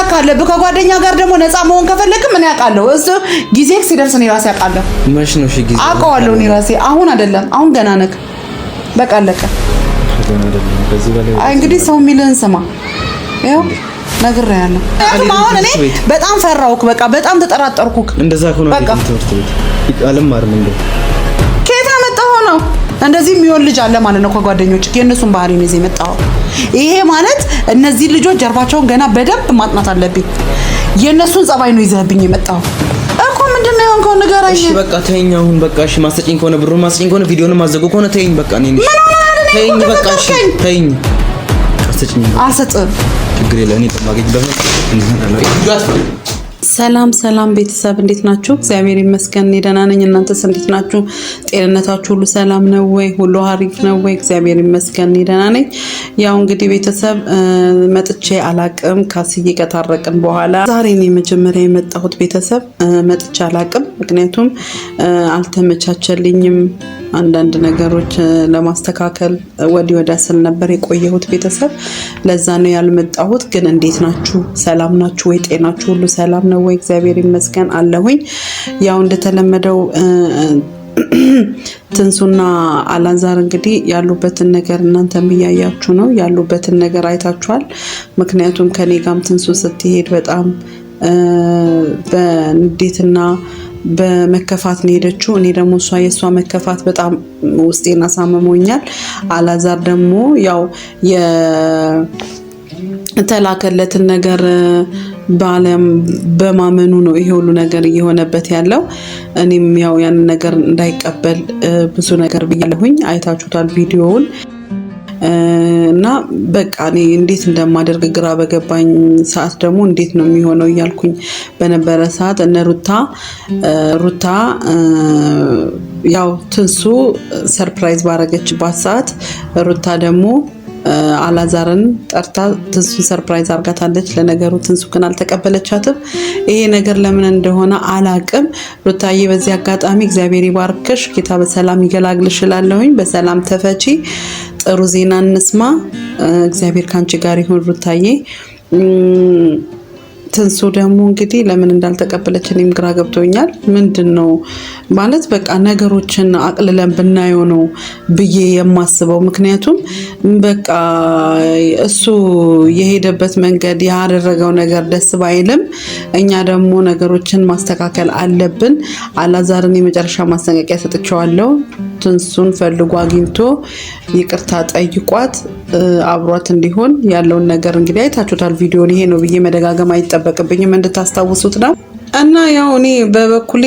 መላክ ካለብህ ከጓደኛ ጋር ደግሞ ነፃ መሆን ከፈለግ ምን ያውቃለሁ እሱ ጊዜ ሲደርስ እኔ ራሴ አውቃለሁ። መች ነው እሺ? ጊዜ አውቀዋለሁ እኔ ራሴ። አሁን አይደለም፣ አሁን ገና ነህ። በቃ አለቀ። አይ እንግዲህ ሰው የሚልህን ስማ። ይኸው ነግሬሃለሁ። አሁን እኔ በጣም ፈራሁክ፣ በቃ በጣም ተጠራጠርኩክ። እንደዛ ከሆነ በቃ አልማርም እንደው ከየት አመጣኸው ነው? እንደዚህ የሚሆን ልጅ አለ ማለት ነው። ከጓደኞች የእነሱን ባህሪ ነው ይዘህ የመጣኸው ይሄ ማለት እነዚህ ልጆች ጀርባቸውን ገና በደንብ ማጥናት አለብኝ። የእነሱን ጸባይ ነው ይዘህብኝ የመጣው እኮ። ምንድን ነው የሆንከው? ንገረኝ። እሺ በቃ ተይኝ አሁን በቃ። እሺ ማስጠጭኝ ከሆነ ብሩን ማስጠጭኝ ከሆነ ቪዲዮን ማዘጉ ከሆነ ተይኝ በቃ። እኔ ተይኝ በቃ። እሺ ተይኝ። አልሰጥም። ችግር የለ እኔ ማገኝ በምን ሰላም ሰላም ቤተሰብ እንዴት ናችሁ? እግዚአብሔር ይመስገን እኔ ደህና ነኝ። እናንተስ እንዴት ናችሁ? ጤንነታችሁ ሁሉ ሰላም ነው ወይ? ሁሉ ሀሪፍ ነው ወይ? እግዚአብሔር ይመስገን ደህና ነኝ። ያው እንግዲህ ቤተሰብ መጥቼ አላቅም ካስዬ ከታረቅን በኋላ ዛሬ ነው የመጀመሪያ የመጣሁት። ቤተሰብ መጥቼ አላቅም፣ ምክንያቱም አልተመቻቸልኝም አንዳንድ ነገሮች ለማስተካከል ወዲህ ወዲያ ስል ነበር የቆየሁት ቤተሰብ። ለዛ ነው ያልመጣሁት። ግን እንዴት ናችሁ? ሰላም ናችሁ ወይ? ጤናችሁ ሁሉ ሰላም ነው ወይ? እግዚአብሔር ይመስገን አለሁኝ። ያው እንደተለመደው ትንሱና አላዛር እንግዲህ ያሉበትን ነገር እናንተም እያያችሁ ነው። ያሉበትን ነገር አይታችኋል። ምክንያቱም ከኔ ጋም ትንሱ ስትሄድ በጣም በንዴትና በመከፋት ነው ሄደችው። እኔ ደግሞ እሷ የእሷ መከፋት በጣም ውስጤን አሳምሞኛል። አላዛር ደግሞ ያው የተላከለትን ነገር በአለም በማመኑ ነው ይሄ ሁሉ ነገር እየሆነበት ያለው። እኔም ያው ያንን ነገር እንዳይቀበል ብዙ ነገር ብያለሁኝ። አይታችሁታል ቪዲዮውን። እና በቃ እኔ እንዴት እንደማደርግ ግራ በገባኝ ሰዓት ደግሞ እንዴት ነው የሚሆነው እያልኩኝ በነበረ ሰዓት እነ ሩታ ሩታ ያው ትንሱ ሰርፕራይዝ ባረገችባት ሰዓት ሩታ ደግሞ አላዛርን ጠርታ ትንሱን ሰርፕራይዝ አርጋታለች። ለነገሩ ትንሱ ግን አልተቀበለቻትም። ይሄ ነገር ለምን እንደሆነ አላቅም። ሩታዬ በዚህ አጋጣሚ እግዚአብሔር ይባርክሽ፣ ጌታ በሰላም ይገላግልሽ እላለሁኝ። በሰላም ተፈቺ፣ ጥሩ ዜና እንስማ። እግዚአብሔር ከአንቺ ጋር ይሁን ሩታዬ። ትንሱ ደግሞ እንግዲህ ለምን እንዳልተቀበለች እኔም ግራ ገብቶኛል። ምንድን ነው ማለት በቃ ነገሮችን አቅልለን ብናየው ነው ብዬ የማስበው። ምክንያቱም በቃ እሱ የሄደበት መንገድ ያደረገው ነገር ደስ ባይልም፣ እኛ ደግሞ ነገሮችን ማስተካከል አለብን። አላዛርን የመጨረሻ ማስጠንቀቂያ ሰጥቼዋለሁ። ትንሱን ፈልጎ አግኝቶ ይቅርታ ጠይቋት አብሯት እንዲሆን ያለውን ነገር እንግዲህ አይታችሁታል። ቪዲዮን ይሄ ነው ብዬ መደጋገም አይጠ አይጠበቅብኝም እንድታስታውሱት ነው። እና ያው እኔ በበኩሌ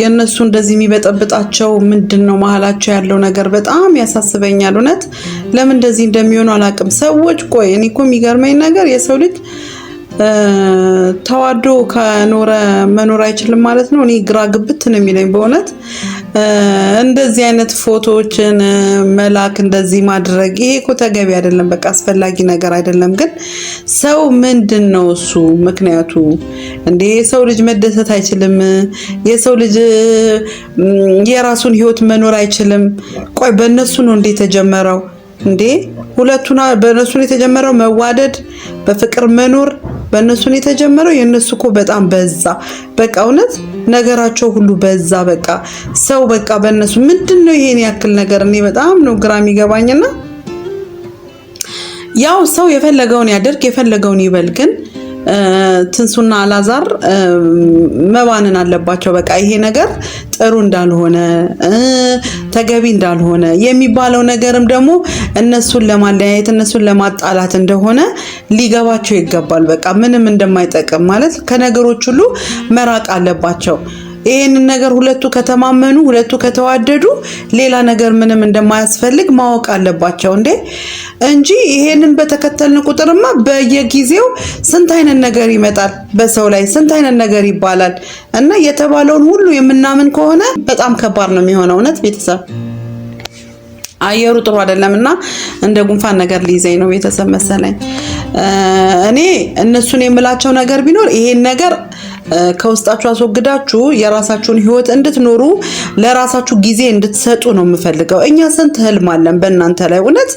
የእነሱ እንደዚህ የሚበጠብጣቸው ምንድን ነው? መሀላቸው ያለው ነገር በጣም ያሳስበኛል። እውነት ለምን እንደዚህ እንደሚሆኑ አላውቅም። ሰዎች ቆይ እኔ እኮ የሚገርመኝ ነገር የሰው ልጅ ተዋዶ ከኖረ መኖር አይችልም ማለት ነው። እኔ ግራ ግብት ነው የሚለኝ በእውነት እንደዚህ አይነት ፎቶዎችን መላክ እንደዚህ ማድረግ ይሄ እኮ ተገቢ አይደለም፣ በቃ አስፈላጊ ነገር አይደለም። ግን ሰው ምንድን ነው እሱ ምክንያቱ እንዴ? የሰው ልጅ መደሰት አይችልም? የሰው ልጅ የራሱን ህይወት መኖር አይችልም? ቆይ በእነሱ ነው እንዴ የተጀመረው? እንዴ ሁለቱና በእነሱ ነው የተጀመረው መዋደድ፣ በፍቅር መኖር በእነሱን የተጀመረው የእነሱ እኮ በጣም በዛ። በቃ እውነት ነገራቸው ሁሉ በዛ። በቃ ሰው በቃ በእነሱ ምንድን ነው ይሄን ያክል ነገር? እኔ በጣም ነው ግራ የሚገባኝና ያው ሰው የፈለገውን ያደርግ የፈለገውን ይበል ግን ትንሱና አላዛር መባነን አለባቸው። በቃ ይሄ ነገር ጥሩ እንዳልሆነ ተገቢ እንዳልሆነ የሚባለው ነገርም ደግሞ እነሱን ለማለያየት እነሱን ለማጣላት እንደሆነ ሊገባቸው ይገባል። በቃ ምንም እንደማይጠቅም ማለት ከነገሮች ሁሉ መራቅ አለባቸው። ይህንን ነገር ሁለቱ ከተማመኑ ሁለቱ ከተዋደዱ ሌላ ነገር ምንም እንደማያስፈልግ ማወቅ አለባቸው እንዴ እንጂ ይሄንን በተከተልን ቁጥርማ በየጊዜው ስንት አይነት ነገር ይመጣል በሰው ላይ ስንት አይነት ነገር ይባላል እና የተባለውን ሁሉ የምናምን ከሆነ በጣም ከባድ ነው የሚሆነው እውነት ቤተሰብ አየሩ ጥሩ አይደለም እና እንደ ጉንፋን ነገር ሊይዘኝ ነው ቤተሰብ መሰለኝ እኔ እነሱን የምላቸው ነገር ቢኖር ይሄን ነገር ከውስጣችሁ አስወግዳችሁ የራሳችሁን ህይወት እንድትኖሩ ለራሳችሁ ጊዜ እንድትሰጡ ነው የምፈልገው። እኛ ስንት ህልም አለን በእናንተ ላይ እውነት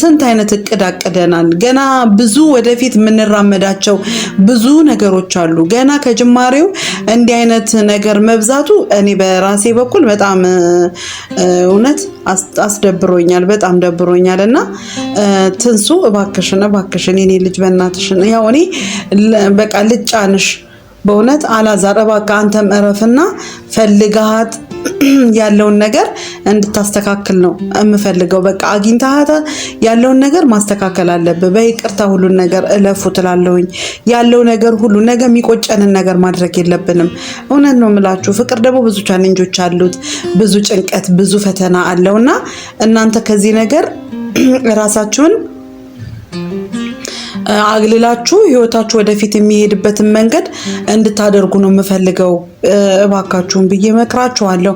ስንት አይነት እቅድ አቅደናል። ገና ብዙ ወደፊት የምንራመዳቸው ብዙ ነገሮች አሉ። ገና ከጅማሬው እንዲህ አይነት ነገር መብዛቱ እኔ በራሴ በኩል በጣም እውነት አስደብሮኛል፣ በጣም ደብሮኛል። እና ትንሱ እባክሽን እባክሽን የኔ ልጅ በእናትሽን ያው እኔ በቃ ልጫንሽ በእውነት አላዛር እባክህ አንተም እረፍና ፈልግሃት ያለውን ነገር እንድታስተካክል ነው የምፈልገው። በቃ አግኝተሃት ያለውን ነገር ማስተካከል አለብህ። በይቅርታ ሁሉን ነገር እለፉ ትላለውኝ ያለው ነገር ሁሉ ነገ የሚቆጨንን ነገር ማድረግ የለብንም። እውነት ነው የምላችሁ። ፍቅር ደግሞ ብዙ ቻሌንጆች አሉት፣ ብዙ ጭንቀት፣ ብዙ ፈተና አለው እና እናንተ ከዚህ ነገር ራሳችሁን አግልላችሁ ህይወታችሁ ወደፊት የሚሄድበትን መንገድ እንድታደርጉ ነው የምፈልገው እባካችሁን ብዬ መክራችኋለሁ።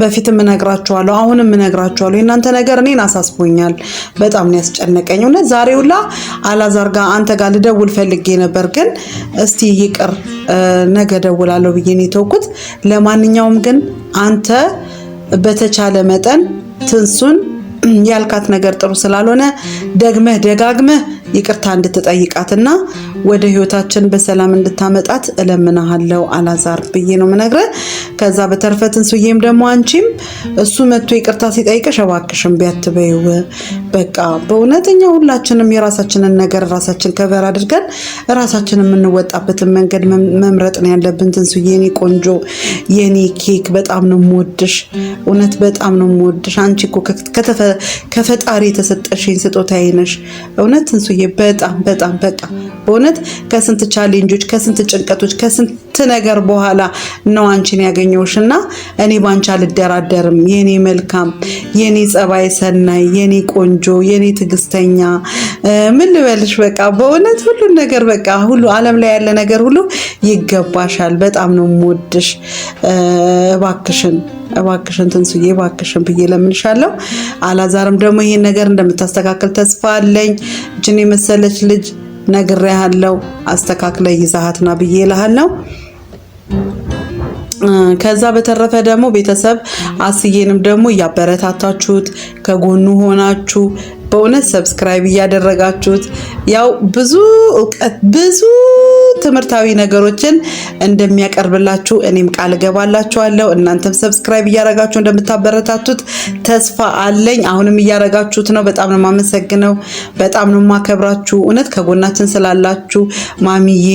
በፊትም እነግራችኋለሁ፣ አሁንም እነግራችኋለሁ። የእናንተ ነገር እኔን አሳስቦኛል፣ በጣም ነው ያስጨነቀኝ። እውነት ዛሬ ሁላ አላዛር ጋር አንተ ጋር ልደውል ፈልጌ ነበር፣ ግን እስቲ ይቅር ነገ ደውላለሁ ብዬ ነው የተውኩት። ለማንኛውም ግን አንተ በተቻለ መጠን ትንሱን ያልካት ነገር ጥሩ ስላልሆነ ደግመህ ደጋግመህ ይቅርታ እንድትጠይቃትና ወደ ህይወታችን በሰላም እንድታመጣት እለምናሃለው አላዛር ብዬ ነው ምነግረ። ከዛ በተረፈ ትንሱዬም ደግሞ አንቺም እሱ መጥቶ ይቅርታ ሲጠይቅሽ እባክሽም ቢያትበይው በቃ በእውነተኛ ሁላችንም የራሳችንን ነገር ራሳችን ከበር አድርገን ራሳችን የምንወጣበትን መንገድ መምረጥ ነው ያለብን። ትንሱ የኔ ቆንጆ የኔ ኬክ በጣም ነው የምወድሽ፣ እውነት በጣም ነው የምወድሽ። አንቺ እኮ ከፈጣሪ የተሰጠሽኝ ስጦታዬ ነሽ እውነት ትንሱ ሩታዬ በጣም በጣም በቃ በእውነት ከስንት ቻሌንጆች፣ ከስንት ጭንቀቶች፣ ከስንት ነገር በኋላ ነው አንቺን ያገኘሁሽ እና እኔ ባንቺ አልደራደርም። የኔ መልካም፣ የኔ ጸባይ ሰናይ፣ የኔ ቆንጆ፣ የኔ ትዕግስተኛ ምን ልበልሽ፣ በቃ በእውነት ሁሉን ነገር በቃ ሁሉ ዓለም ላይ ያለ ነገር ሁሉ ይገባሻል። በጣም ነው የምወድሽ። እባክሽን እባክሽን ትንሱዬ እባክሽን ብዬ ለምንሻለው። አላዛርም ደግሞ ይሄን ነገር እንደምታስተካከል ተስፋ አለኝ። እችን የመሰለች ልጅ ነግሬሃለው፣ አስተካክለ ይዛሃትና ብዬ እልሃለው። ከዛ በተረፈ ደግሞ ቤተሰብ አስዬንም ደግሞ እያበረታታችሁት ከጎኑ ሆናችሁ በእውነት ሰብስክራይብ እያደረጋችሁት ያው ብዙ እውቀት ብዙ ትምህርታዊ ነገሮችን እንደሚያቀርብላችሁ እኔም ቃል እገባላችኋለሁ። እናንተም ሰብስክራይብ እያረጋችሁ እንደምታበረታቱት ተስፋ አለኝ። አሁንም እያረጋችሁት ነው። በጣም ነው የማመሰግነው። በጣም ነው የማከብራችሁ። እውነት ከጎናችን ስላላችሁ ማሚዬ፣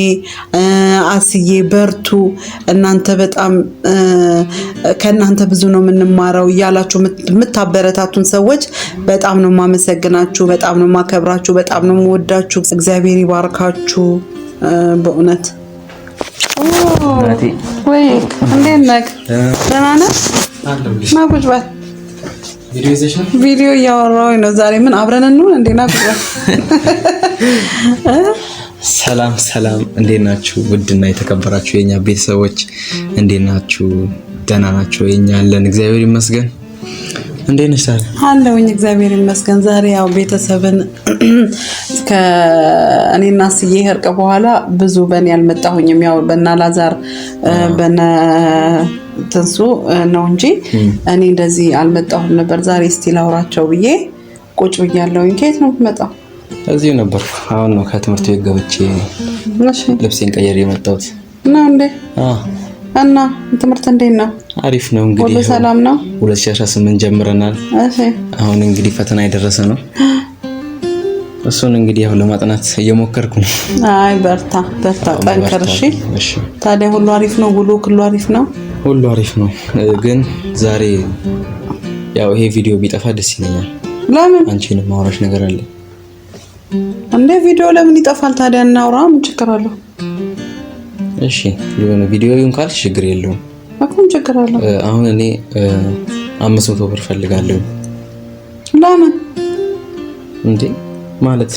አስዬ በርቱ። እናንተ በጣም ከእናንተ ብዙ ነው የምንማረው እያላችሁ የምታበረታቱን ሰዎች በጣም ነው የማመሰግነው። ማመሰግናችሁ። በጣም ነው ማከብራችሁ። በጣም ነው ወዳችሁ። እግዚአብሔር ይባርካችሁ በእውነት ወይ እንዴት ነህ? ደህና ነህ? ና ቁጭ በል። ቪዲዮ እያወራሁኝ ነው። ዛሬ ምን አብረን እንሆን እንዴ? ና ቁጭ በል። ሰላም ሰላም፣ እንዴት ናችሁ? ውድና የተከበራችሁ የኛ ቤተሰቦች እንዴት ናችሁ? ደህና ናችሁ? የኛ አለን፣ እግዚአብሔር ይመስገን። እንዴት ነሽ ታዲያ? አለሁኝ እግዚአብሔር ይመስገን። ዛሬ ያው ቤተሰብን ከእኔና ስዬ እርቅ በኋላ ብዙ በእኔ አልመጣሁኝም። ያው በእነ አላዛር በእነ ትንሱ ነው እንጂ እኔ እንደዚህ አልመጣሁም ነበር። ዛሬ እስቲ ላውራቸው ብዬ ቁጭ ብያለሁኝ። ከየት ነው የምትመጣው? እዚሁ ነበር። አሁን ነው ከትምህርት ቤት ገብቼ ልብሴን ቀየር የመጣሁት ነው እንዴ እና ትምህርት እንዴት ነው? አሪፍ ነው። እንግዲህ ሁሉ ሰላም ነው። 2018 ጀምረናል። እሺ አሁን እንግዲህ ፈተና የደረሰ ነው። እሱን እንግዲህ ያው ለማጥናት እየሞከርኩ ነው። አይ በርታ በርታ፣ ጠንከር። እሺ ታዲያ ሁሉ አሪፍ ነው። ውሎ ሁሉ አሪፍ ነው። ሁሉ አሪፍ ነው። ግን ዛሬ ያው ይሄ ቪዲዮ ቢጠፋ ደስ ይለኛል። ለምን? አንቺንም ማውራሽ ነገር አለ እንደ ቪዲዮ ለምን ይጠፋል ታዲያ? እናውራ። ምን ችግር አለው? እሺ የሆነ ቪዲዮ ይሁን ካል ችግር የለውም። አሁን ችግር አለ አሁን እኔ አምስት መቶ ብር ፈልጋለሁ። ለምን እንዴ? ማለት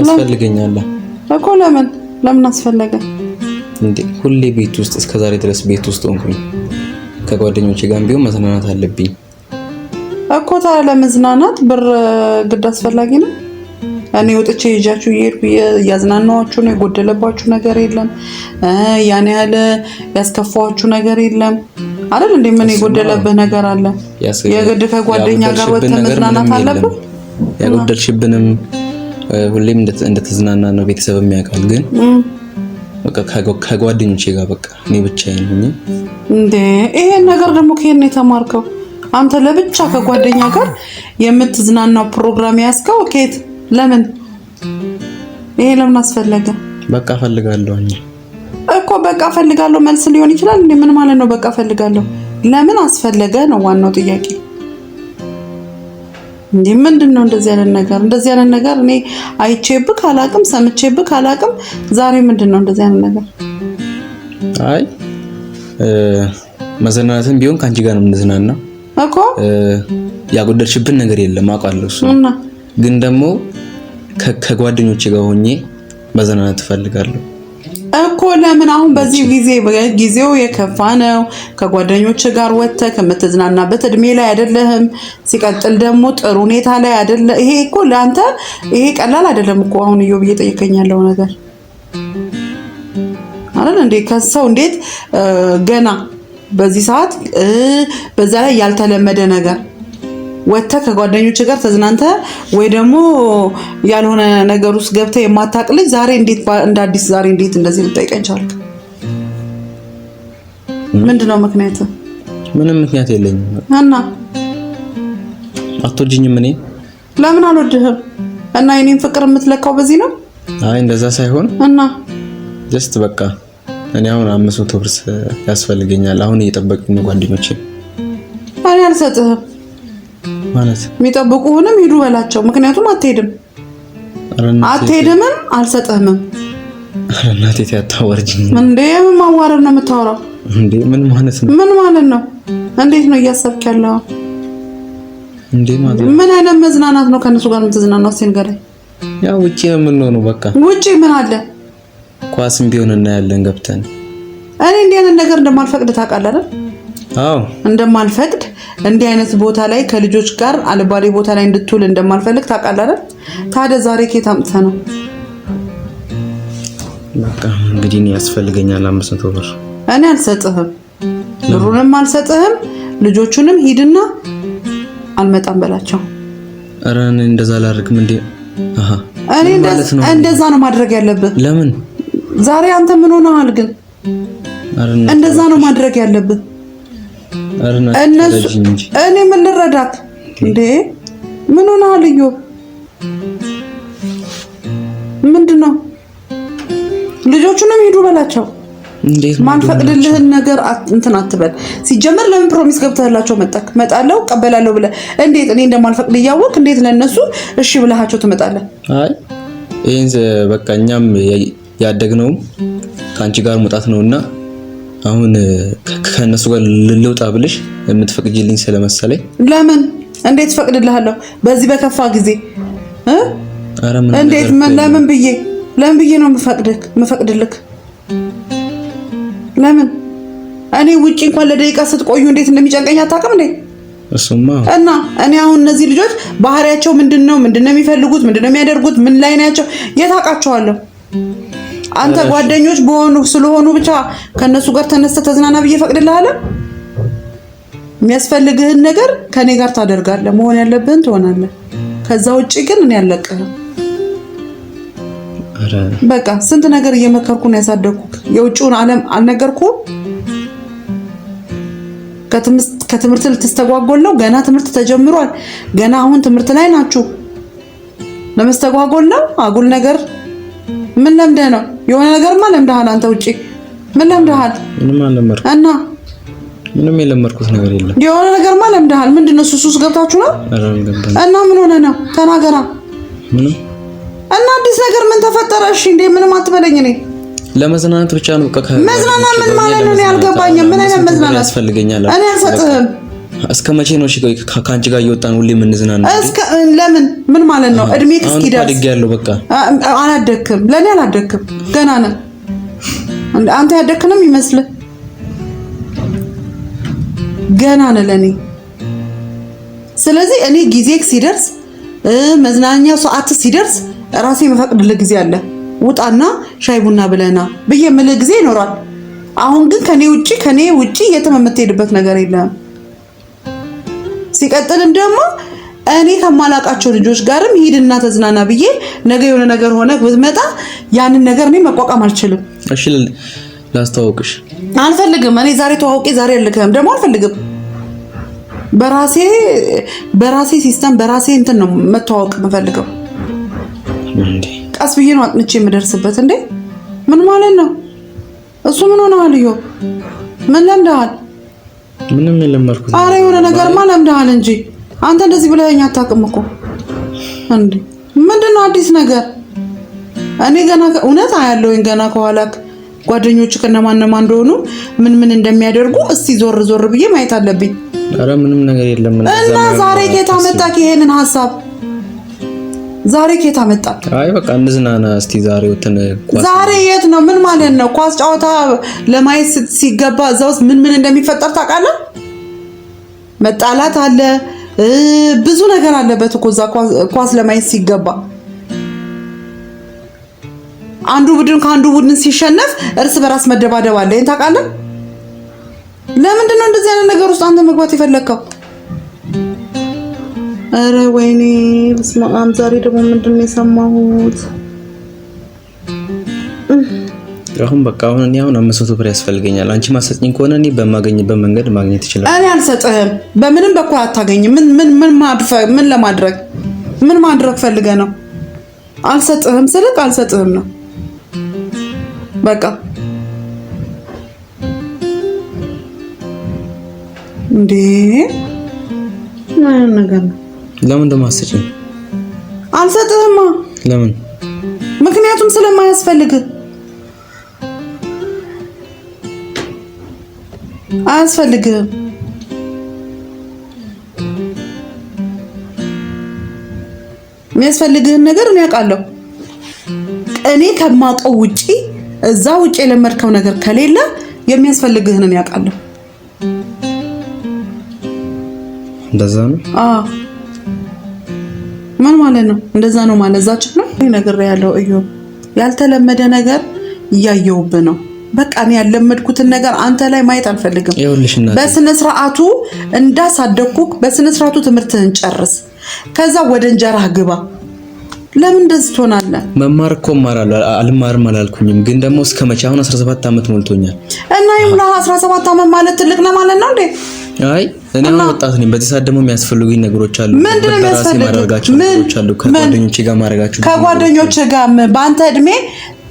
ያስፈልገኛል እኮ። ለምን ለምን አስፈለገ እንዴ? ሁሌ ቤት ውስጥ ዛሬ ድረስ ቤት ውስጥ ሆንኩኝ። ከጓደኞቼ ጋር ቢሆን መዝናናት አለብኝ እኮ። ታዲያ ለመዝናናት ብር ግድ አስፈላጊ ነው? እኔ ወጥቼ ይዣችሁ እየሄድኩ እያዝናናኋችሁ ነው። የጎደለባችሁ ነገር የለም። ያን ያህል ያስከፋችሁ ነገር የለም አይደል? እንደ ምን የጎደለብህ ነገር አለ? የግድ ከጓደኛ ጋር ወጥተህ መዝናናት አለብህ? ያጎደልሽብንም ሁሌም እንደተዝናና ነው ቤተሰብ የሚያውቀው ግን በቃ ከጓደኞቼ ጋር በቃ እኔ ብቻዬን ሆኜ እንዴ። ይሄን ነገር ደግሞ ከየት ነው የተማርከው? አንተ ለብቻ ከጓደኛ ጋር የምትዝናናው ፕሮግራም ያስከው ከየት ለምን ይሄ ለምን አስፈለገ? በቃ ፈልጋለሁ እኮ በቃ ፈልጋለሁ መልስ ሊሆን ይችላል እንዴ? ምን ማለት ነው? በቃ ፈልጋለሁ ለምን አስፈለገ ነው ዋናው ጥያቄ። እንዴ ምንድን ነው እንደዚህ አይነት ነገር? እንደዚህ አይነት ነገር እኔ አይቼብህ አላቅም፣ ሰምቼብክ አላቅም። ዛሬ ምንድን ነው እንደዚህ አይነት ነገር? አይ መዝናናትም ቢሆን ከአንቺ ጋር ነው የምንዝናና እኮ። ያጎደልሽብን ነገር የለም አውቃለሁ፣ ግን ደግሞ ከጓደኞቼ ጋር ሆኜ መዝናናት እፈልጋለሁ እኮ ለምን አሁን በዚህ ጊዜ ጊዜው የከፋ ነው። ከጓደኞች ጋር ወጥተህ ከምትዝናናበት እድሜ ላይ አይደለህም። ሲቀጥል ደግሞ ጥሩ ሁኔታ ላይ አይደለ። ይሄ እኮ ለአንተ ይሄ ቀላል አይደለም እኮ አሁን እዮብ እየጠየቀኝ ያለው ነገር አይደል እንዴ? ከሰው እንዴት ገና በዚህ ሰዓት፣ በዛ ላይ ያልተለመደ ነገር ወጥተህ ከጓደኞች ጋር ተዝናንተ ወይ ደግሞ ያልሆነ ነገር ውስጥ ገብተህ የማታውቅ ልጅ ዛሬ እንዴት እንደ አዲስ ዛሬ እንዴት እንደዚህ ልጠይቀኝ ቻልክ? ምንድነው ምክንያት? ምንም ምክንያት የለኝም እና አትወጂኝም? እኔ ለምን አልወድህም? እና የኔን ፍቅር የምትለካው በዚህ ነው? አይ እንደዛ ሳይሆን እና ጀስት በቃ እኔ አሁን አምስት መቶ ብር ያስፈልገኛል። አሁን እየጠበቁኝ ነው ጓደኞቼ። እኔ አልሰጥህም ማለት የሚጠብቁህንም ሂዱ በላቸው። ምክንያቱም አትሄድም አትሄድምም አልሰጥህምም። እናቴ ያታወርጅኝ እንዴ! ማዋረድ ነው የምታወራው? እንዴ ምን ማለት ነው? ምን ማለት ነው? እንዴት ነው እያሰብክ ያለው? እንዴ ማለት ምን አይነት መዝናናት ነው? ከነሱ ጋር የምትዝናናው እስኪ ንገረኝ። ያው ውጪ ነው የምንሆነው። በቃ ውጪ ምን አለ? ኳስም ቢሆን እናያለን ገብተን። እኔ እንዲህ አይነት ነገር እንደማልፈቅድ ታውቃለህ አይደል? እንደማልፈቅድ እንዲህ አይነት ቦታ ላይ ከልጆች ጋር አልባሌ ቦታ ላይ እንድትውል እንደማልፈልግ ታውቃለህ አይደል? ታዲያ ዛሬ ኬት አምጥተህ ነው? በቃ እንግዲህ እኔ ያስፈልገኛል አምስት መቶ ብር እኔ አልሰጥህም፣ ብሩንም አልሰጥህም። ልጆቹንም ሂድና አልመጣም በላቸው። ኧረ እኔ እንደዛ አላደርግም እንዴ! እኔ እንደዛ ነው ማድረግ ያለብህ። ለምን ዛሬ አንተ ምን ሆነሃል ግን? እንደዛ ነው ማድረግ ያለብህ። እነሱ እኔ ምን ልረዳት እንዴ? ምን ሆነሃል? ልዩ ምንድን ነው? ልጆቹንም ሂዱ በላቸው። ማንፈቅድልህን ነገር እንትን አትበል። ሲጀመር ለምን ፕሮሚስ ገብተህላቸው መጣክ? እመጣለሁ እቀበላለሁ ብለህ እንዴት እኔ እንደማልፈቅድ እያወቅ እንዴት ለእነሱ እሺ ብለሃቸው ትመጣለህ? አይ ይህን በቃ እኛም ያደግነውም ከአንቺ ጋር መውጣት ነውና አሁን ከእነሱ ጋር ልውጣ ብልሽ የምትፈቅጅልኝ ስለመሰለኝ። ለምን? እንዴት ፈቅድልሃለሁ? በዚህ በከፋ ጊዜ እንዴት? ለምን ብዬ ለምን ብዬ ነው የምፈቅድልክ? ለምን? እኔ ውጭ እንኳን ለደቂቃ ስትቆዩ እንዴት እንደሚጨንቀኝ አታውቅም እንዴ? እሱማ እና እኔ አሁን እነዚህ ልጆች ባህሪያቸው ምንድን ነው? ምንድን ነው የሚፈልጉት? ምንድን ነው የሚያደርጉት? ምን ላይ ናቸው? የት አውቃቸዋለሁ? አንተ ጓደኞች በሆኑ ስለሆኑ ብቻ ከነሱ ጋር ተነስተ ተዝናና ብዬ ፈቅድልሃለሁ። የሚያስፈልግህን ነገር ከኔ ጋር ታደርጋለህ። መሆን ያለብህን ትሆናለህ። ከዛ ውጭ ግን እኔ አልለቅህም። በቃ ስንት ነገር እየመከርኩ ነው ያሳደግኩ። የውጭውን ዓለም አልነገርኩም። ከትምህርት ልትስተጓጎል ነው። ገና ትምህርት ተጀምሯል። ገና አሁን ትምህርት ላይ ናችሁ። ለመስተጓጎል ነው አጉል ነገር ምን ለምደህ ነው? የሆነ ነገርማ ለምደሃል። አንተ ውጪ ምን ለምደሃል? ምንም አልለመድኩም። እና ምንም የለመድኩት ነገር የለም። የሆነ ነገርማ ለምደሃል። ምንድን ነው? ሱስ ገብታችሁ ነው? እና ምን ሆነ ነው? ተናገራ። ምንም እና አዲስ ነገር ምን ተፈጠረ? እሺ እንዴ ምንም አትበለኝ። እኔ ለመዝናናት ብቻ ነው። በቃ መዝናናት ምን ማለት ነው? እኔ አልገባኝም። ምን አይነት መዝናናት ያስፈልገኛል? እኔ አልሰጥህም እስከ መቼ ነው? እሺ ቆይ ከአንቺ ጋር እየወጣን ሁሌ የምንዝናናው እስከ ለምን? ምን ማለት ነው? እድሜ እስኪደርስ አድግ ያለው በቃ አላደክም። ለእኔ አላደክም፣ ገና ነህ አንተ። ያደክንም ይመስል ገና ነህ ለኔ። ስለዚህ እኔ ጊዜ ሲደርስ መዝናኛ ሰዓት ሲደርስ ራሴ መፈቅድልህ ጊዜ አለ። ውጣና ሻይ ቡና ብለና ብዬ የምልህ ጊዜ ይኖራል። አሁን ግን ከኔ ውጪ ከኔ ውጪ የትም የምትሄድበት ነገር የለም። ሲቀጥልም ደግሞ እኔ ከማላቃቸው ልጆች ጋርም ሂድና ተዝናና ብዬ ነገ የሆነ ነገር ሆነ ብትመጣ ያንን ነገር እኔ መቋቋም አልችልም። እሺ ላስተዋውቅሽ አልፈልግም። እኔ ዛሬ ተዋውቄ ዛሬ ያልክህም ደግሞ አልፈልግም። በራሴ በራሴ ሲስተም በራሴ እንትን ነው መተዋወቅ የምፈልገው። ቀስ ብዬ ነው አጥንቼ የምደርስበት። እንዴ ምን ማለት ነው? እሱ ምን ሆነዋል? ዮ ምን ለምደዋል? ምንም የለመድኩት። አረ የሆነ ነገርማ ለምደሃል እንጂ አንተ እንደዚህ ብለኸኝ አታውቅም እኮ እንዴ። ምንድን ነው አዲስ ነገር? እኔ ገና እውነት አያለሁኝ ገና ከኋላክ ጓደኞች ከነማነማ እንደሆኑ ምን ምን እንደሚያደርጉ እስቲ ዞር ዞር ብዬ ማየት አለብኝ። አረ ምንም ነገር የለም እና ዛሬ ጌታ መጣክ ይሄንን ሀሳብ ዛሬ ከየት አመጣ? አይ በቃ እንዝናና እስቲ ዛሬ ወተን ኳስ። ዛሬ የት ነው? ምን ማለት ነው? ኳስ ጨዋታ ለማየት ሲገባ እዛ ውስጥ ምን ምን እንደሚፈጠር ታውቃለህ? መጣላት አለ፣ ብዙ ነገር አለበት እኮ እዛ ኳስ ለማየት ሲገባ አንዱ ቡድን ከአንዱ ቡድን ሲሸነፍ እርስ በራስ መደባደብ አለ። ይሄን ታውቃለህ? ለምንድን ነው እንደዚህ አይነት ነገር ውስጥ አንተ መግባት የፈለግከው? አረ ወይኔ በስመ አብ! ዛሬ ደግሞ ምንድን ነው የሰማሁት? አሁን በቃ አሁን እኔ አሁን አምስት መቶ ብር ያስፈልገኛል። አንቺ ማሰጥኝ ከሆነ እኔ በማገኝበት መንገድ ማግኘት ይችላል። እኔ አልሰጥህም። በምንም በኩል አታገኝም። ምን ምን ምን ለማድረግ ምን ማድረግ ፈልገህ ነው? አልሰጥህም ስልክ አልሰጥህም ነው በቃ እንዴ ምን ነገር ነው? ለምን እንደማስጭኝ አልሰጥህማ። ለምን? ምክንያቱም ስለማያስፈልግ። አያስፈልግህም። የሚያስፈልግህን ነገር እኔ አውቃለሁ። እኔ ከማውቀው ውጪ እዛ ውጪ የለመድከው ነገር ከሌለ የሚያስፈልግህን እኔ አውቃለሁ። እንደዛ ነው። አዎ ምን ማለት ነው? እንደዛ ነው ማለት ዛችን ነው ነገር ያለው እዩ ያልተለመደ ነገር እያየውብ ነው። በቃ እኔ ያለመድኩትን ነገር አንተ ላይ ማየት አልፈልግም። በስነ ስርዓቱ እንዳሳደግኩ በስነ ስርዓቱ ትምህርትህን ጨርስ፣ ከዛ ወደ እንጀራህ ግባ። ለምን እንደዚህ ትሆናለህ? መማር እኮ እማራለሁ። አልማርም አላልኩኝም፣ ግን ደግሞ እስከ መቼ? አሁን 17 ዓመት ሞልቶኛል። እና ይሁን 17 ዓመት ማለት ትልቅ ነው ማለት ነው እንዴ? አይ እኔ አሁን ወጣት ነኝ። በዚህ ሰዓት ደግሞ የሚያስፈልጉኝ ነገሮች አሉ። ምንድን ነው የሚያስፈልጋቸው ነገሮች አሉ? ከጓደኞቼ ጋር ማድረጋቸው ከጓደኞቼ ጋር በአንተ እድሜ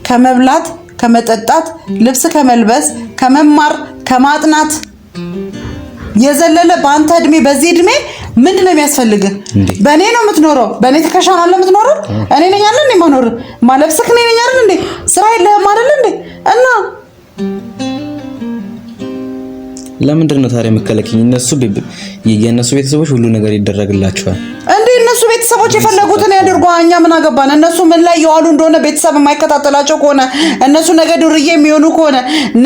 ከመብላት ከመጠጣት፣ ልብስ ከመልበስ፣ ከመማር፣ ከማጥናት የዘለለ በአንተ እድሜ በዚህ እድሜ ምንድን ነው የሚያስፈልግህ? በእኔ ነው የምትኖረው። በእኔ ትከሻ ነው የምትኖረው። እኔ ነኝ አይደል እንዴ የማኖርህ? ማለብስህ እኔ ነኝ አይደል እንዴ? ስራ የለህም አይደል እንዴ? እና ለምንድን ነው ታዲያ የምከለክኝ? እነሱ የእነሱ ቤተሰቦች ሁሉ ነገር ይደረግላቸዋል። እንዴ እነሱ ቤተሰቦች የፈለጉትን ያደርጉ፣ እኛ ምን አገባን? እነሱ ምን ላይ የዋሉ እንደሆነ ቤተሰብ የማይከታተላቸው ከሆነ እነሱ ነገ ዱርዬ የሚሆኑ ከሆነ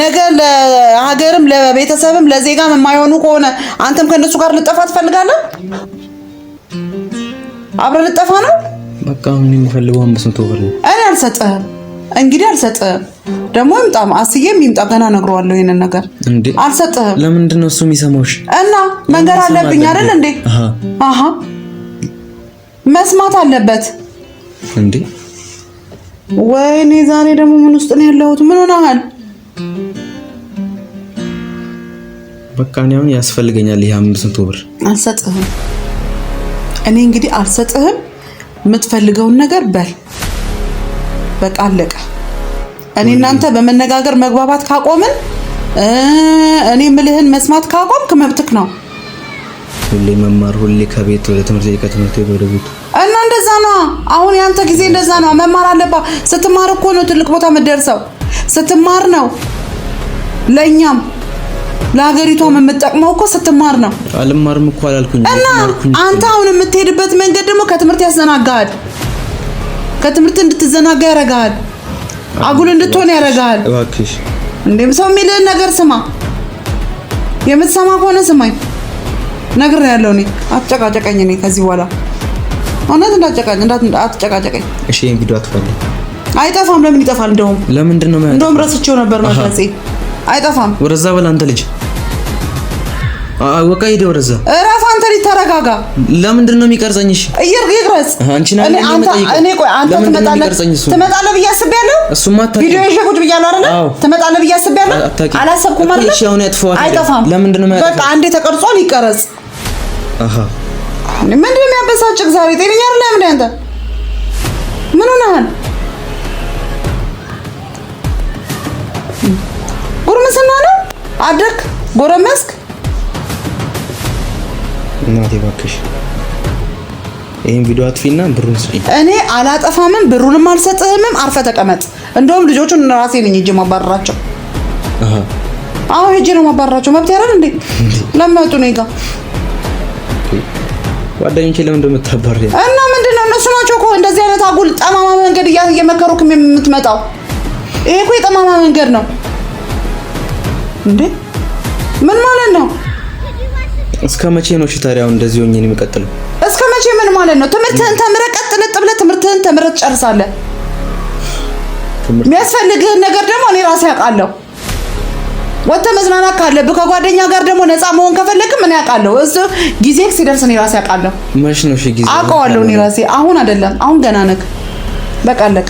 ነገ ለሀገርም ለቤተሰብም ለዜጋም የማይሆኑ ከሆነ አንተም ከእነሱ ጋር ልጠፋ ትፈልጋለህ? አብረን ልጠፋ ነው። በቃ ምን የሚፈልገው አምስት መቶ ብር ነው። እኔ አልሰጠህም እንግዲህ አልሰጥህም። ደግሞ ይምጣም አስዬም ይምጣ፣ ገና እነግረዋለሁ ይሄንን ነገር። አልሰጥህም። ለምንድን ነው እሱ የሚሰማሽ? እና መንገር አለብኝ አይደል እንዴ? አሀ መስማት አለበት እንዴ? ወይኔ ዛሬ ደግሞ ምን ውስጥ ነው ያለሁት? ምን ሆነሃል? በቃ እኔ አሁን ያስፈልገኛል ይሄ አምስት መቶ ብር። አልሰጥህም። እኔ እንግዲህ አልሰጥህም። የምትፈልገውን ነገር በል በቃ አለቀ። እኔ እናንተ በመነጋገር መግባባት ካቆምን እኔ ምልህን መስማት ካቆምክ መብትክ ነው። ሁሌ መማር፣ ሁሌ ከቤት ወደ ትምህርት ቤት፣ ከትምህርት ቤት ወደ ቤት እና እንደዛ ነው። አሁን ያንተ ጊዜ እንደዛ ነው። መማር አለባ። ስትማር እኮ ነው ትልቅ ቦታ የምትደርሰው። ስትማር ነው ለእኛም ለሀገሪቷም የምጠቅመው እኮ ስትማር ነው። አልማርም እኮ አላልኩኝ እና አንተ አሁን የምትሄድበት መንገድ ደግሞ ከትምህርት ያዘናጋል። ከትምህርት እንድትዘናጋ ያረጋል። አጉል እንድትሆን ያረጋል። እባክሽ እንዴም ሰው የሚልህን ነገር ስማ። የምትሰማ ከሆነ ስማኝ። ነገር ያለው እኔ አትጨቃጨቀኝ። እኔ ከዚህ በኋላ እውነት እንዳጨቃጭ እንዳት አትጨቃጨቀኝ። እሺ ይሄን ቪዲዮ አትፈልግ። አይጠፋም። ለምን ይጠፋል? እንደውም ለምንድን ነው እንደውም ረስቼው ነበር መግለጼ። አይጠፋም። ወደዛ በላ አንተ ልጅ በቃ ሄደ ወደዛ። እራስ አንተ ልጅ ተረጋጋ። ለምንድን ነው የሚቀርጸኝሽ? ይቅረጽ። አንቺ ና እኔ ቆይ አንተ ትመጣለህ ብዬ አስቤያለሁ። እሱማ ቪዲዮ ይዤ ቁጭ ብያለሁ አይደለ? ትመጣለህ ብዬ አስቤያለሁ። አላሰብኩም አይደለ? እሺ አሁን ያጥፋው አይጠፋም። ለምንድን ነው በቃ አንዴ ተቀርጿል፣ ይቀረጽ። አሃ ምንድን ነው የሚያበሳጭህ? ዛሬ ጤነኛ አይደለ? ምንድን አንተ ምን ሆነሃል? ጉርምስና ነው አደግ ጎረመስክ እናቴ እባክሽ ይህን ቪዲዮ አጥፊና ብሩን ስጪኝ። እኔ አላጠፋምም ብሩንም አልሰጥህምም። አርፈ ተቀመጥ። እንደውም ልጆቹን ራሴ ነኝ እጅ ማባረራቸው። አዎ እጅ ነው ማባረራቸው። መብት ያረን እንዴ ለመጡ ነው ጋ ጓደኞቼ ለምን እንደምታባር እና ምንድን ነው እነሱ ናቸው እኮ እንደዚህ አይነት አጉል ጠማማ መንገድ እየመከሩክ የምትመጣው። ይሄ እኮ የጠማማ መንገድ ነው እንዴ ምን ማለት ነው? እስከ መቼ ነው ሽታሪያው እንደዚህ ሆኜ የሚቀጥለው? እስከ መቼ ምን ማለት ነው? ትምህርትህን ተምረህ ቀጥል ብለህ ትምህርትህን ተምረህ ትጨርሳለህ። የሚያስፈልግህን ነገር ደግሞ እኔ ራሴ አውቃለሁ። ወጥተህ መዝናናት ካለብህ ከጓደኛ ጋር ደግሞ ነፃ መሆን ከፈለግም እኔ አውቃለሁ። እሱ ጊዜ ሲደርስ እኔ ራሴ አውቃለሁ። መቼ ነው እሺ? ጊዜ አውቀዋለሁ እኔ ራሴ። አሁን አይደለም፣ አሁን ገና ነህ። በቃ አለቀ።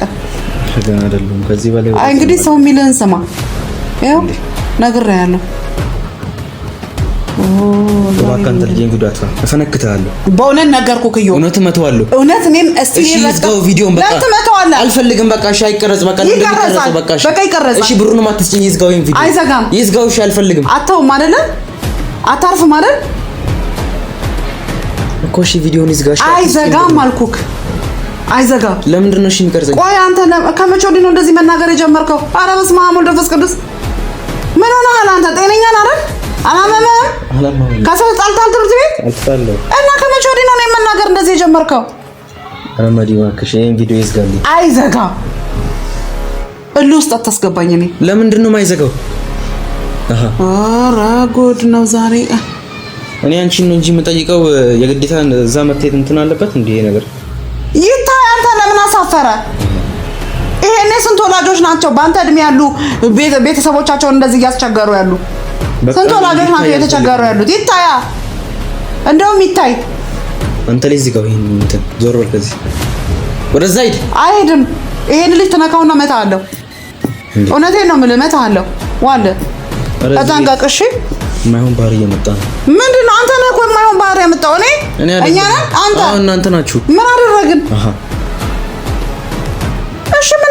ገና አይደለም። ከዚህ በላይ እንግዲህ ሰው የሚልህን ስማ። ያው ነግሬሃለሁ። እባክህ አንተ ልጄን ጉዳት እፈነክትሃለሁ። በእውነት ነገርኩህ እኮ እውነት እመተዋለሁ። እውነት እኔም እስቲ ቪዲዮን በቃ አልፈልግም። በቃ እሺ፣ አይቀረጽ። በቃ እንደሚቀረጽ በቃ እሺ፣ በቃ ይቀረጻል። እሺ፣ ብሩንም አትስጭኝ። ይዝጋው፣ ይሄን ቪዲዮ አይዘጋም። ይዝጋው። እሺ፣ አልፈልግም። አታውም አይደለ? አታርፍም አይደል እኮ። እሺ፣ ቪዲዮን ይዝጋው። እሺ፣ አይዘጋም አልኩህ። አይዘጋም። ለምንድን ነው እሺ የሚቀርጸኝ? ቆይ አንተ ከመቼ ወዲህ ነው እንደዚህ መናገር የጀመርከው? ኧረ በስመ አብ ወወልድ ወመንፈስ ቅዱስ። ምን ሆነሃል አንተ? ጤነኛ ነህ አይደል? አላመመህም? ከሰው ተጣልተሃል ትምህርት ቤት እና ከመቼ ወዲህ ነው መናገር እንደዚህ የጀመርከው? ረመዲ እባክሽ ይሄን ቪዲዮ ይዝጋልኝ። አይዘጋ። እልህ ውስጥ አታስገባኝ። እኔ ለምንድን ነው የማይዘጋው? ኧረ ጎድ ነው ዛሬ። እኔ አንቺን ነው እንጂ የምጠይቀው የግዴታ እዛ መታየት እንትን አለበት እንዴ? ይሄ ነገር ይታይ። አንተ ለምን አሳፈረ? ይሄኔ ስንት ወላጆች ናቸው በአንተ እድሜ ያሉ ቤተሰቦቻቸውን እንደዚህ እያስቸገሩ ያሉ ስንቶን ሀገር ናቸው የተቸገሩ ያሉት? ይታያ እንደውም ይታይ። አንተ ላይ እዚህ ጋር ይሄን እንትን ዞር በል ከዚህ ወደዛ ሂድ። አይሄድም። ይሄን ልጅ ትነካውና መታ አለው። እውነቴን ነው የምልህ፣ መታ ዋለ ተጠንቀቅ እሺ። የማይሆን ባህሪ እየመጣ ነው። ምንድን ነው አንተ ነህ እኮ የማይሆን ባህሪ ያመጣው። እኔ እኛ ነን? አንተ እናንተ ናችሁ። ምን አደረግን? እሺ ምን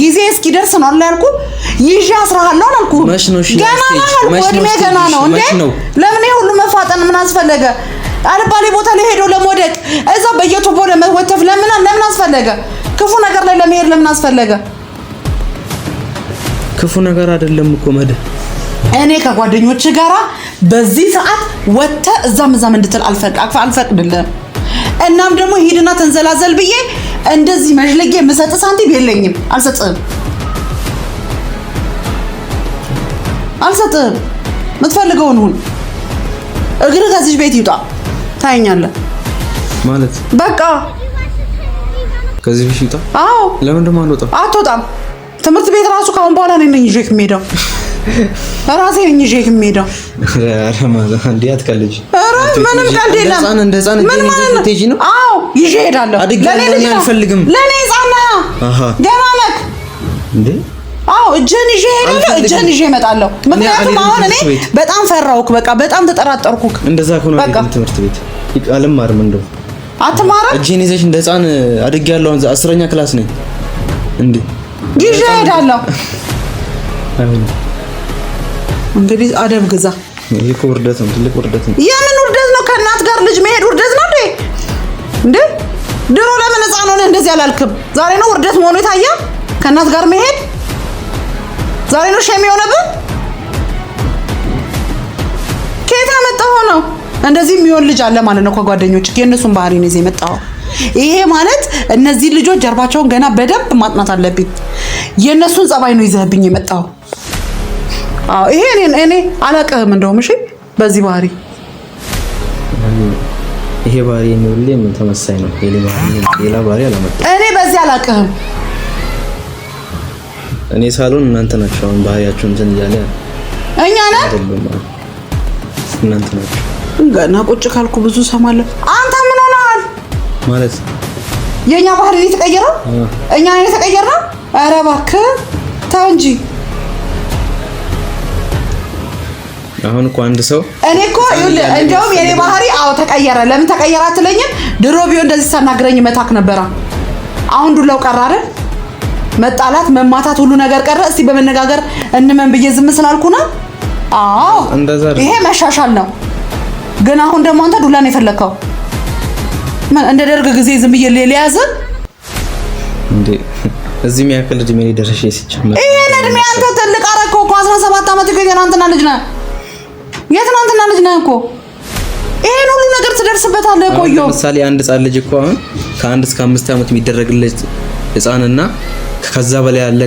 ጊዜ እስኪደርስ ነው አላልኩ? ይዤ አስራሃለሁ አላልኩ? ገና ነው፣ እድሜ ገና ነው እንዴ! ለምን ሁሉ መፋጠን ምን አስፈለገ? አልባሌ ቦታ ላይ ሄዶ ለመውደቅ እዛ በየቱቦ ለመወተፍ ለምን ለምን አስፈለገ? ክፉ ነገር ላይ ለመሄድ ለምን አስፈለገ? ክፉ ነገር አይደለም እኮ መድ እኔ ከጓደኞች ጋራ በዚህ ሰዓት ወጥተህ እዛም እዛም እንድትል አልፈቅድልህም። እናም ደግሞ ሂድና ተንዘላዘል ብዬ እንደዚህ መሽለጌ የምሰጥ ሳንቲም የለኝም። አልሰጥም አልሰጥም። የምትፈልገውን ሁን። እግር ከዚህ ቤት ይውጣ። ታየኛለህ ማለት በቃ ከዚህ ቤት ይውጣ። አዎ፣ ለምን ደሞ አንወጣም? አትወጣም። ትምህርት ቤት ራሱ ከአሁን በኋላ ነኝ ነኝ ይዤህ የምሄደው፣ ራሴ ነኝ ይዤህ የምሄደው። ኧረ ማለት አንዴ አትቀልጂ ምንም ቀልድ የለም። እንደ ህፃን አዎ ይዤ እሄዳለሁ። ለኔ አልፈልግም። ለኔ ህፃን ገና ነህ አዎ እጄን ይዤ እሄዳለሁ፣ እጄን ይዤ እመጣለሁ። ምክንያቱም አሁን እኔ በጣም ፈራሁክ፣ በቃ በጣም ተጠራጠርኩክ። እንደዛ ከሆነ ትምህርት ቤት አልማርም። እንደው አትማርም? እጄን ይዘሽ እንደ ህፃን አድጌያለሁ። አስረኛ ክላስ ነኝ እንዴ? ይዤ እሄዳለሁ። እንግዲህ አደብ ግዛ ይሄ እኮ ውርደት ነው፣ ትልቅ ውርደት ነው። የምን ውርደት ነው? ከእናት ጋር ልጅ መሄድ ውርደት ነው እንዴ? ድሮ ለምን ህፃን ሆነ እንደዚህ አላልክም? ዛሬ ነው ውርደት መሆኑ የታየ። ከእናት ጋር መሄድ ዛሬ ነው ሸም የሆነብን ከየት አመጣኸው ነው? እንደዚህ የሚሆን ልጅ አለ ማለት ነው። ከጓደኞች የእነሱን ባህሪ ነው ይዘህ የመጣው ይሄ ማለት እነዚህ ልጆች ጀርባቸውን ገና በደንብ ማጥናት አለብኝ። የእነሱን ጸባይ ነው ይዘህብኝ የመጣው። ይሄ እኔ አላቀህም እንደውም እሺ፣ በዚህ ባህሪ ይሄ ባህሪ ሁሌም ተመሳይ ነው። ሌላ ባህሪ አላመጣም። እኔ በዚህ አላቀህም እኔ ሳሎን እናንተ ናቸው። አሁን ባህሪያችሁ እንትን እያለ እኛ ነን እናንተ ናቸው። ገና ቁጭ ካልኩ ብዙ ሰማለሁ። አንተ ምን ሆነሃል ማለት የእኛ ባህሪ የተቀየረው እኛ የተቀየርነው? ኧረ እባክህ ተው እንጂ አሁን እኮ አንድ ሰው እኔ እኮ እንደውም የኔ ባህሪ አዎ ተቀየረ። ለምን ተቀየረ አትለኝም? ድሮ ቢሆን እንደዚህ ሳናግረኝ መታክ ነበረ። አሁን ዱላው ቀረ አይደል? መጣላት፣ መማታት፣ ሁሉ ነገር ቀረ። እስቲ በመነጋገር እንመን ብዬ ዝም ስላልኩ ነው። አዎ ይሄ መሻሻል ነው። ግን አሁን ደግሞ አንተ ዱላን ነው የፈለከው። እንደ ደርግ ጊዜ ዝም ብዬ ሊያዝን እንዴ እዚህ የሚያክል እድሜ ደረሽ። ይሄን እድሜ አንተ ትልቅ አረከው እኮ 17 ዓመት ገና እንትና ልጅ ነህ የትናንትና ልጅ ነህ እኮ ይሄን ሁሉ ነገር ትደርስበታለህ። ቆየው ለምሳሌ አንድ ህጻን ልጅ እኮ አሁን ከአንድ እስከ አምስት ዓመት የሚደረግለት ህፃንና ከዛ በላይ ያለ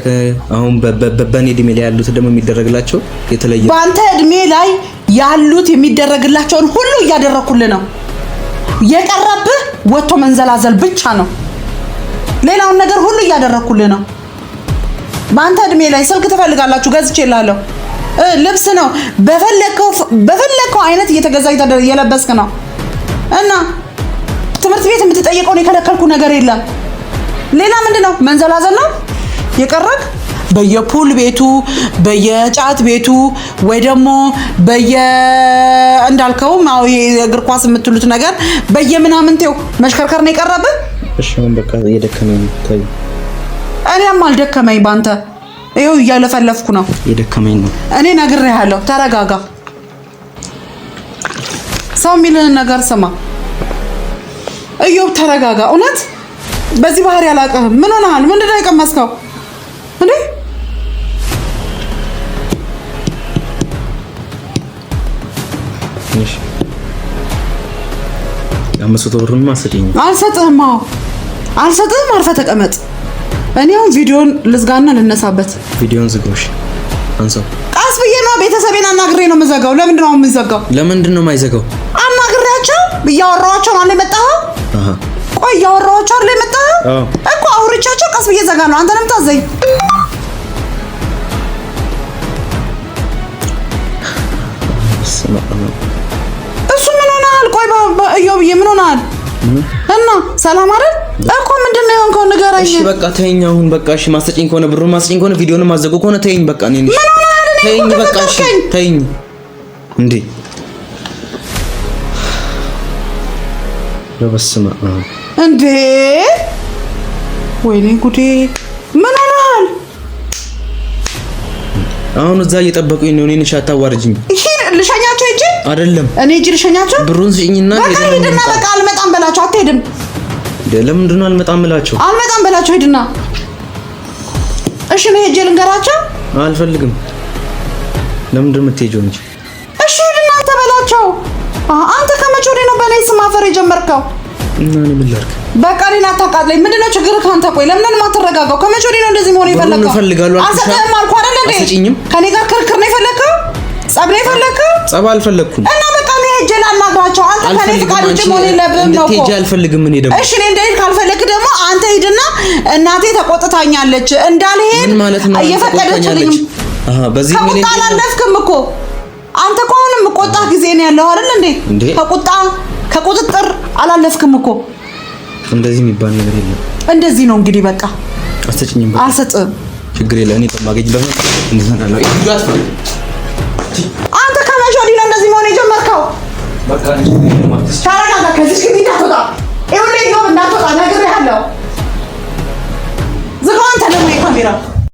አሁን በበኔ እድሜ ላይ ያሉት ደግሞ የሚደረግላቸው የተለየ በአንተ እድሜ ላይ ያሉት የሚደረግላቸውን ሁሉ እያደረኩልህ ነው። የቀረብህ ወጥቶ መንዘላዘል ብቻ ነው። ሌላውን ነገር ሁሉ እያደረኩልህ ነው። በአንተ እድሜ ላይ ስልክ ትፈልጋላችሁ ገዝቼላለሁ። ልብስ ነው። በፈለከው አይነት እየተገዛ እየለበስክ ነው እና ትምህርት ቤት የምትጠየቀውን የከለከልኩ ነገር የለም። ሌላ ምንድን ነው መንዘላዘል ነው የቀረግ በየፑል ቤቱ በየጫት ቤቱ ወይ ደግሞ በየ እንዳልከው እግር ኳስ የምትሉት ነገር በየምናምን መሽከርከር ነው የቀረብህ። እሺ፣ በቃ እየደከመኝ ነው። እኔም አልደከመኝ ባንተ ይኸው እያለፈለፍኩ ነው። የደከመኝ ነው። እኔ ነግሬሃለሁ፣ ተረጋጋ። ሰው የሚልን ነገር ስማ። እዮብ ተረጋጋ። እውነት በዚህ ባህሪ አላውቅህም። ምን ሆነሃል? ምንድን ነው የቀመስከው እንዴ? አልሰጥህም፣ አልሰጥህም፣ አርፈህ ተቀመጥ። እኔው ቪዲዮን ልዝጋና ልነሳበት። ቪዲዮን ዝጎሽ አንሳው። ቀስ ብዬ ነው ቤተሰቤን አናግሬ ነው የምዘጋው። ለምንድን ነው የምዘጋው? ለምንድን ነው የማይዘጋው? አናግሬያቸው እያወራኋቸው ነው አለ የመጣኸው። ቆይ እያወራኋቸው አለ የመጣኸው እኮ አውርቻቸው። ቀስ ብዬ ዘጋ ነው አንተ ነው የምታዘኝ። እሱ ምን ሆነሃል? ቆይ እየው ብዬ ምን ሆነሃል? እና ሰላም አይደል እኮ ምንድን ነው የሆንከው? ንገረኝ። እሺ በቃ ተይኝ አሁን በቃ እሺ። ማሰጪኝ ከሆነ ብሩን ማሰጪኝ ከሆነ ቪዲዮንም ማዘጉ ከሆነ ተይኝ በቃ። እኔ ተይኝ በቃ እሺ ተይኝ። እንዴ ለበስመ እንዴ! ወይኔ ጉዴ! ምን ሆነሃል? አሁን እዛ እየጠበቁኝ ነው። እኔን ሻታ አታዋርጅኝ። ልሸኛቸው ሂጅ። አይደለም እኔ ሂጅ ልሸኛቸው። ብሩን ስጪኝና በቃ አልመጣም በላቸው። አትሄድም ለምንድን ነው አልመጣም ብላቸው? አልመጣም በላቸው ሂድና። እሺ ነው ሄጄ ልንገራቸው። አልፈልግም። ለምንድን ነው የምትሄጂው እንጂ? እሺ ሂድና አንተ በላቸው። አንተ ከመቼ ወዲህ ነው በእኔ ስም አፈር የጀመርከው? እና ምን ላድርግ? በቃ እኔን አታቃጥለኝ። ምንድን ነው ችግር ካንተ? ቆይ ለምን ነው የማትረጋጋው? ከመቼ ወዲህ ነው እንደዚህ መሆን የፈለከው? እፈልጋለሁ። አልሰጥህም አልኩህ አይደል እንዴ? ከእኔ ጋር ክርክር ነው የፈለከው? ጸብ ነው የፈለከው? ጸብ አልፈለኩም እና ናቸው። አንተ ከኔ ፍቃድ ውጭ መሆን የለብህም ነው እኮ። አልፈልግም እኔ ደግሞ እሺ፣ እኔ እንደሄድ ካልፈለግ ደግሞ አንተ ሂድና እናቴ ተቆጥታኛለች እንዳልሄድ እየፈቀደችልኝ ከቁጣ አላለፍክም እኮ አንተ እኮ አሁን የምቆጣ ጊዜ ነው ያለው አይደል እንዴ? ከቁጣ ከቁጥጥር አላለፍክም እኮ። እንደዚህ የሚባል ነገር የለም። እንደዚህ ነው እንግዲህ በቃ አልሰጭኝም። አልሰጥም፣ ችግር የለም። እኔ በማገኝበት ነው እንደዛ ነው። አንተ ከመቼ ወዲህ ነው እንደዚህ መሆን የጀመርከው? ተረጋጋ። ከዚህ ግቢ እንዳትወጣ፣ ይኸውልህ፣ ይኸው እንዳትወጣ ነግሬሃለሁ። ዝም አንተ ደግሞ የካሜራ